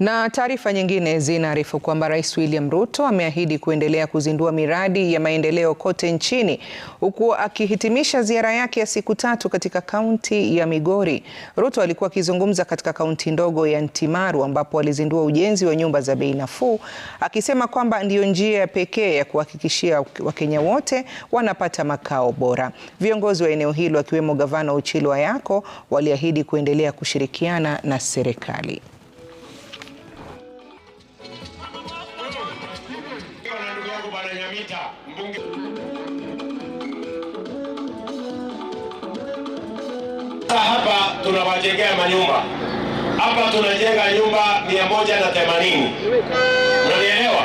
Na taarifa nyingine zinaarifu kwamba Rais William Ruto ameahidi kuendelea kuzindua miradi ya maendeleo kote nchini huku akihitimisha ziara yake ya siku tatu katika kaunti ya Migori. Ruto alikuwa akizungumza katika kaunti ndogo ya Ntimaru ambapo alizindua ujenzi wa nyumba za bei nafuu, akisema kwamba ndiyo njia pekee ya kuhakikishia Wakenya wote wanapata makao bora. Viongozi wa eneo hilo akiwemo Gavana Uchilo Ayako waliahidi kuendelea kushirikiana na serikali. yangu Bwana Nyamita mbunge hapa tunawajengea manyumba hapa tunajenga nyumba mia unanielewa?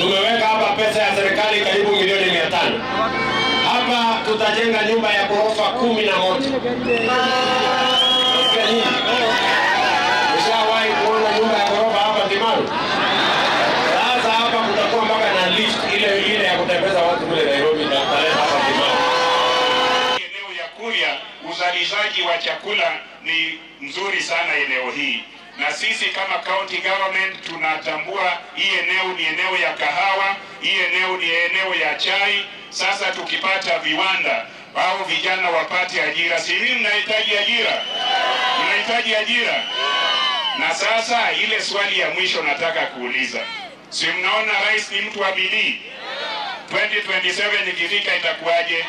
Tumeweka hapa pesa ya serikali karibu milioni mia hapa tutajenga nyumba ya ghorofa kumi na moja. ya uzalishaji wa chakula ni mzuri sana eneo hii, na sisi kama county government tunatambua hii eneo ni eneo ya kahawa, hii eneo ni eneo ya chai. Sasa tukipata viwanda au vijana wapate ajira, si hii mnahitaji ajira? Mnahitaji ajira. Na sasa ile swali ya mwisho nataka kuuliza, si mnaona rais ni mtu wa bidii? 2027 ikifika itakuwaje?